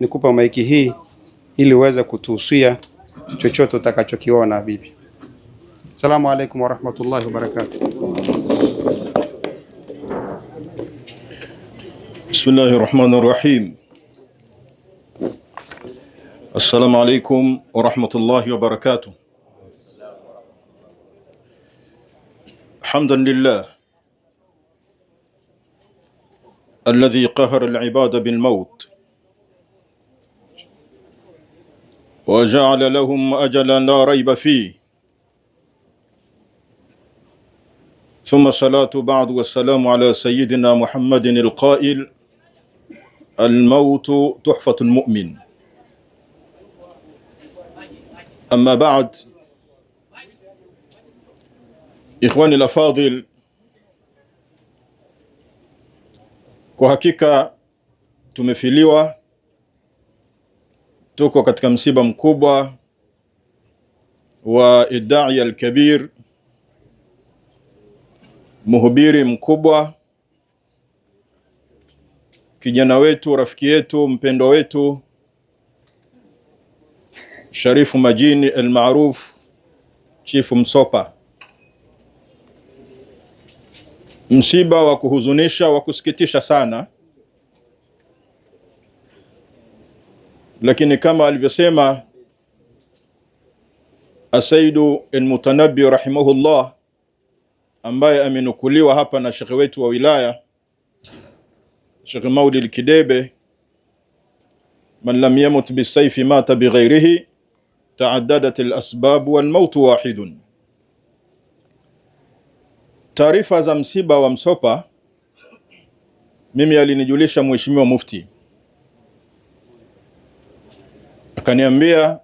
nikupa maiki hii ili uweze kutuhusia chochote utakachokiona bibi. salamu alaikum wa rahmatullahi Bismillahi rahmani Bismillahir Rahmanir Rahim. Assalamu alaikum wa rahmatullahi wa barakatuh. lillah alladhi qahara al-ibada bil maut وجعل لهم أجلا لا ريب فيه ثم الصلاة بعد والسلام على سيدنا محمد القائل الموت تحفة المؤمن أما بعد إخواني الأفاضل kwa hakika tumefiliwa tuko katika msiba mkubwa wa idai al-kabir, mhubiri mkubwa, kijana wetu, rafiki yetu, mpendo wetu Sharifu Majini al-Maruf Chifu Msopa. Msiba wa kuhuzunisha wa kusikitisha sana Lakini kama alivyosema Asaidu Almutanabbi rahimahullah, ambaye amenukuliwa hapa na shekhe wetu wa wilaya Shekh Maudi Kidebe, man lam yamut bisaifi mata bighairihi taaddadat alasbab walmaut wahidun. Taarifa za msiba wa Msopa mimi alinijulisha Mheshimiwa Mufti akaniambia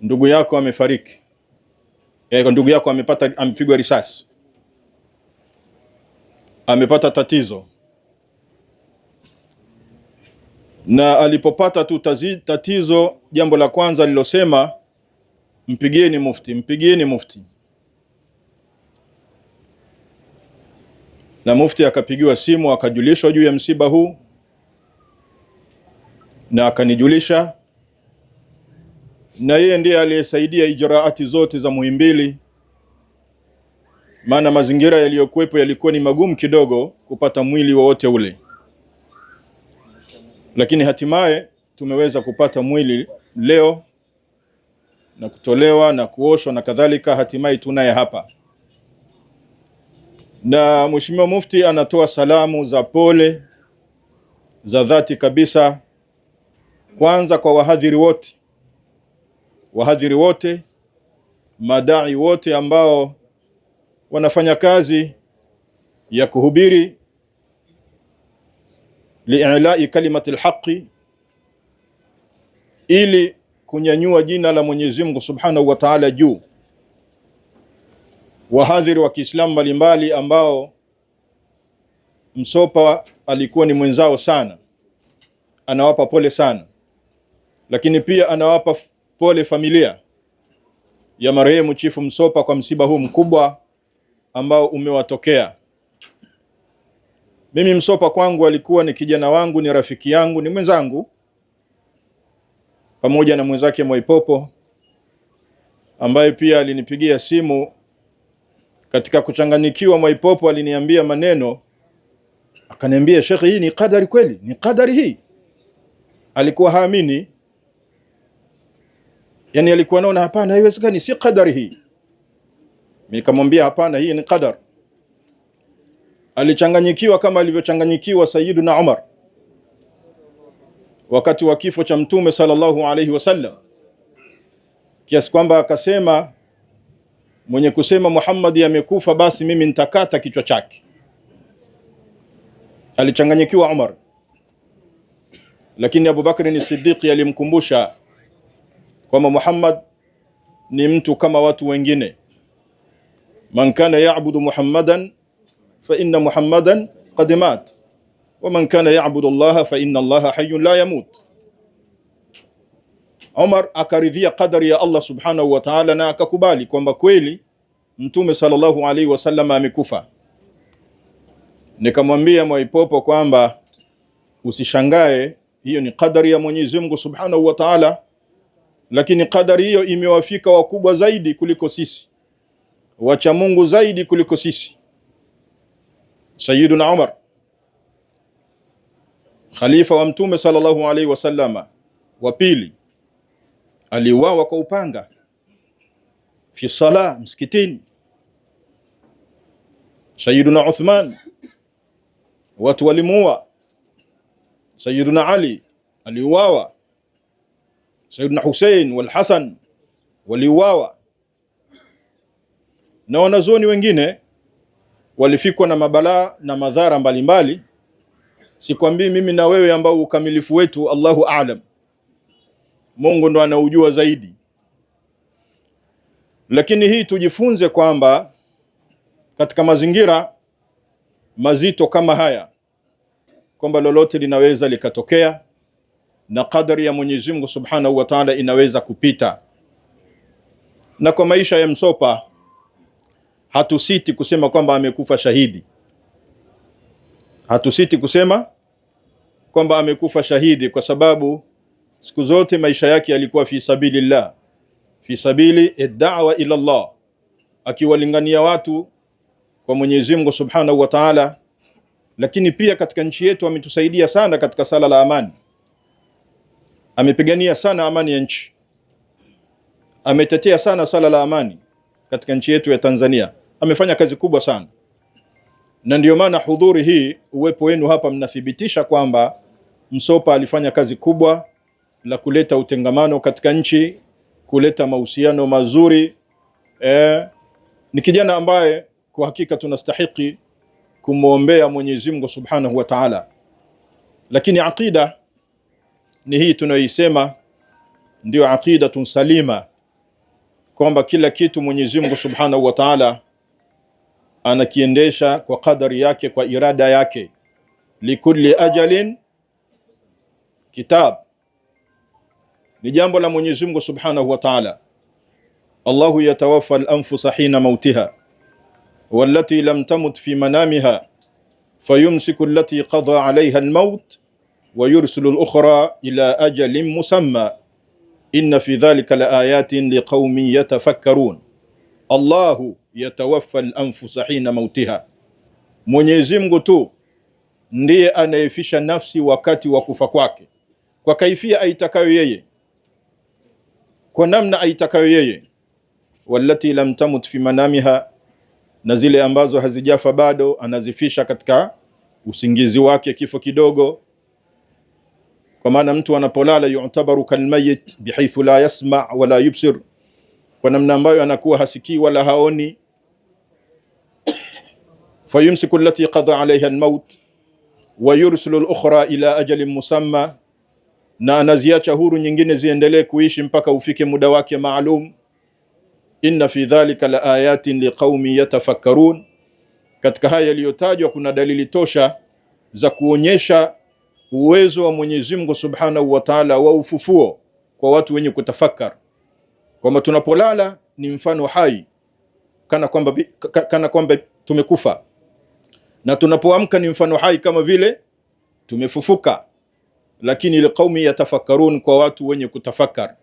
ndugu yako amefariki, e, ndugu yako amepata, amepigwa risasi, amepata tatizo, na alipopata tu tatizo, jambo la kwanza lilosema mpigieni mufti, mpigieni mufti. Na mufti akapigiwa simu akajulishwa juu ya msiba huu na akanijulisha, na yeye ndiye aliyesaidia ijaraati zote za Muhimbili, maana mazingira yaliyokuwepo yalikuwa ni magumu kidogo kupata mwili wowote ule, lakini hatimaye tumeweza kupata mwili leo na kutolewa na kuoshwa na kadhalika, hatimaye tunaye hapa. Na Mheshimiwa Mufti anatoa salamu za pole za dhati kabisa kwanza kwa wahadhiri wote, wahadhiri wote, madai wote ambao wanafanya kazi ya kuhubiri liilai kalimati lhaqi, ili kunyanyua jina la Mwenyezi Mungu Subhanahu wa Ta'ala juu. Wahadhiri wa Kiislamu mbalimbali ambao Msopa alikuwa ni mwenzao sana, anawapa pole sana lakini pia anawapa pole familia ya marehemu Chifu Msopa kwa msiba huu mkubwa ambao umewatokea. Mimi Msopa kwangu alikuwa ni kijana wangu, ni rafiki yangu, ni mwenzangu pamoja na mwenzake Mwaipopo ambaye pia alinipigia simu. Katika kuchanganikiwa, Mwaipopo aliniambia maneno, akaniambia, shekhe hii ni kadari kweli, ni kadari hii. Alikuwa haamini yani alikuwa naona hapana, haiwezekani, si qadari hii. Nikamwambia hapana, hii ni qadar. Alichanganyikiwa kama alivyochanganyikiwa Sayyiduna Umar wakati wa kifo cha Mtume sallallahu alayhi wasallam, kiasi kwamba akasema, mwenye kusema Muhammad amekufa basi mimi nitakata kichwa chake. Alichanganyikiwa Umar, lakini Abu Bakr ni Siddiqi alimkumbusha kwamba Muhammad ni mtu kama watu wengine. Man kana ya'budu Muhammadan fa inna Muhammadan qad mat wa man kana ya'budu Allah fa inna Allah hayyun la yamut. Omar akaridhia qadari ya Allah subhanahu wa ta'ala, na akakubali kwamba kweli Mtume sallallahu alaihi wasallam amekufa. Nikamwambia Mwaipopo kwamba usishangae, hiyo ni qadari ya Mwenyezi Mungu subhanahu wa ta'ala lakini kadari hiyo imewafika wakubwa zaidi kuliko sisi, wacha Mungu zaidi kuliko sisi. Sayyiduna Umar khalifa wa Mtume sallallahu alaihi wasallama wa pili aliuawa kwa upanga fi sala msikitini. Sayyiduna Uthman watu walimuua. Sayyiduna Ali aliuawa saidna Hussein wal Hassan waliuawa na wanazuoni wengine walifikwa na mabalaa na madhara mbalimbali. Sikwambii mimi na wewe, ambao ukamilifu wetu Allahu aalam, Mungu ndo anaujua zaidi, lakini hii tujifunze kwamba katika mazingira mazito kama haya kwamba lolote linaweza likatokea na kadri ya Mwenyezi Mungu Subhanahu wa Ta'ala inaweza kupita. Na kwa maisha ya Msopa hatusiti kusema kwamba amekufa shahidi, hatusiti kusema kwamba amekufa shahidi, kwa sababu siku zote maisha yake yalikuwa fi sabilillah, fi sabili da'wa ila Allah, akiwalingania watu kwa Mwenyezi Mungu Subhanahu wa Ta'ala. Lakini pia katika nchi yetu ametusaidia sana katika sala la amani amepigania sana amani ya nchi, ametetea sana swala la amani katika nchi yetu ya Tanzania, amefanya kazi kubwa sana, na ndio maana hudhuri hii, uwepo wenu hapa, mnathibitisha kwamba Msopa alifanya kazi kubwa la kuleta utengamano katika nchi, kuleta mahusiano mazuri. E, ni kijana ambaye kwa hakika tunastahiki kumwombea Mwenyezi Mungu Subhanahu wa Ta'ala, lakini aqida ni hii tunayoisema ndio aqidatun salima, kwamba kila kitu Mwenyezi Mungu Subhanahu wa Ta'ala anakiendesha kwa kadari yake, kwa irada yake. Likulli ajalin kitab, ni jambo la Mwenyezi Mungu Subhanahu wa Ta'ala. Allahu yatawaffa al-anfusa hina mautiha wallati lam tamut fi manamiha fayumsiku allati qada alayha al-maut wa yursilu al-ukhra ila ajalin musamma inna fi dhalika laayatin liqaumin yatafakkarun. Allahu yatawaffa al-anfusa hina mautiha, Mwenyezi Mungu tu ndiye anayefisha nafsi wakati wa kufa kwake, kwa kaifia aitakayo yeye, kwa namna aitakayo yeye. Wallati lam tamut fi manamiha, na zile ambazo hazijafa bado anazifisha katika usingizi wake kifo kidogo kwa maana mtu anapolala yu'tabaru kalmayit bihaythu la yasma wala yubsir, kwa namna ambayo anakuwa hasikii wala haoni. Fayumsiku allati qada alayha almaut wa yursilu alukhra ila ajalin musamma, na anaziacha huru nyingine ziendelee kuishi mpaka ufike muda wake maalum. Inna fi dhalika la ayatin liqaumi yatafakkarun, katika haya yaliyotajwa kuna dalili tosha za kuonyesha uwezo wa Mwenyezi Mungu Subhanahu wa Ta'ala wa ufufuo kwa watu wenye kutafakar, kwamba tunapolala ni mfano hai kana kwamba kana kwamba tumekufa na tunapoamka ni mfano hai kama vile tumefufuka, lakini liqaumi yatafakkarun, kwa watu wenye kutafakar.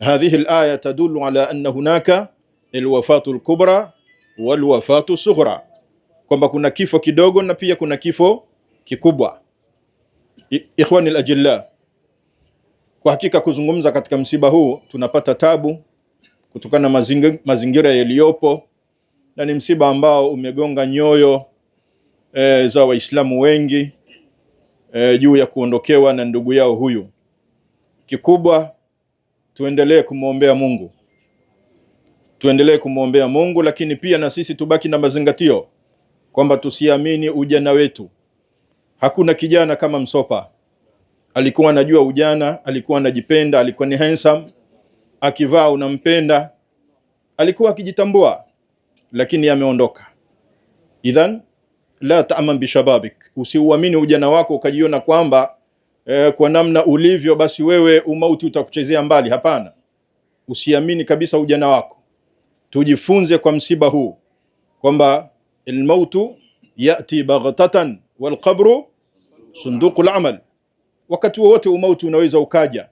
Hadhihi alaya tadullu ala anna hunaka alwafatu alkubra walwafatu sughra, kwamba kuna kifo kidogo na pia kuna kifo kikubwa. Ikhwani al-ajilla, kwa hakika kuzungumza katika msiba huu tunapata tabu kutokana na mazingira yaliyopo, na ni msiba ambao umegonga nyoyo e, za Waislamu wengi e, juu ya kuondokewa na ndugu yao huyu. Kikubwa tuendelee kumwombea Mungu, tuendelee kumwombea Mungu, lakini pia na sisi tubaki na mazingatio kwamba tusiamini ujana wetu Hakuna kijana kama Msopa, alikuwa anajua ujana, alikuwa anajipenda, alikuwa ni handsome, akivaa unampenda, alikuwa akijitambua, lakini ameondoka. Idhan la taaman bishababik, usiuamini ujana wako ukajiona kwamba eh, kwa namna ulivyo basi wewe umauti utakuchezea mbali. Hapana, usiamini kabisa ujana wako. Tujifunze kwa msiba huu kwamba almautu yati baghtatan walqabru sunduku la amal. Wakati wowote umauti unaweza ukaja.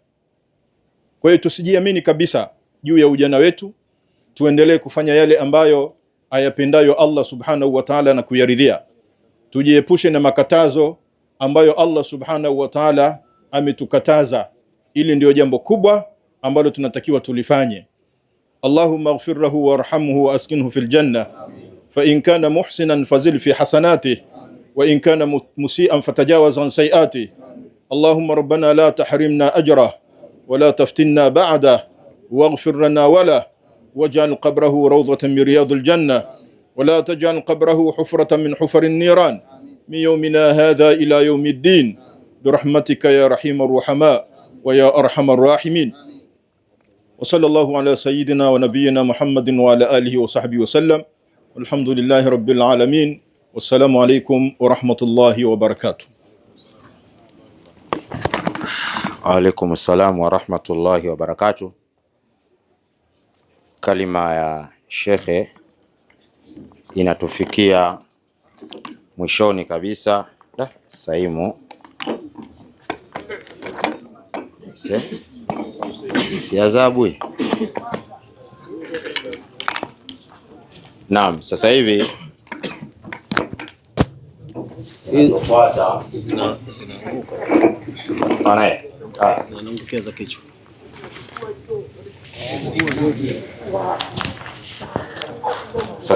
Kwa hiyo tusijiamini kabisa juu ya ujana wetu, tuendelee kufanya yale ambayo ayapendayo Allah subhanahu wa ta'ala na kuyaridhia. Tujiepushe na makatazo ambayo Allah subhanahu wa ta'ala ametukataza. Ili ndiyo jambo kubwa ambalo tunatakiwa tulifanye. Allahumma ighfir lahu warhamhu wa askinhu fil janna fa in kana muhsinan fazil fi hasanatihi وإن كان مسيئا فتجاوز عن سيئاته اللهم ربنا لا تحرمنا أجره ولا تفتنا بعده واغفر لنا وله واجعل قبره روضة من رياض الجنة ولا تجعل قبره حفرة من حفر النيران من يومنا هذا إلى يوم الدين برحمتك يا رحيم الرحماء ويا أرحم الراحمين وصلى الله على سيدنا ونبينا محمد وعلى آله وصحبه وسلم والحمد لله رب العالمين Wassalamu alaikum warahmatullahi wabarakatuh. wa rahmatullahi warahmatullahi barakatuh Kalima ya shekhe inatufikia mwishoni kabisa da, saimu si adhabu. Naam, sasa hivi zinaanguka zina, zinaangukia za kichwa.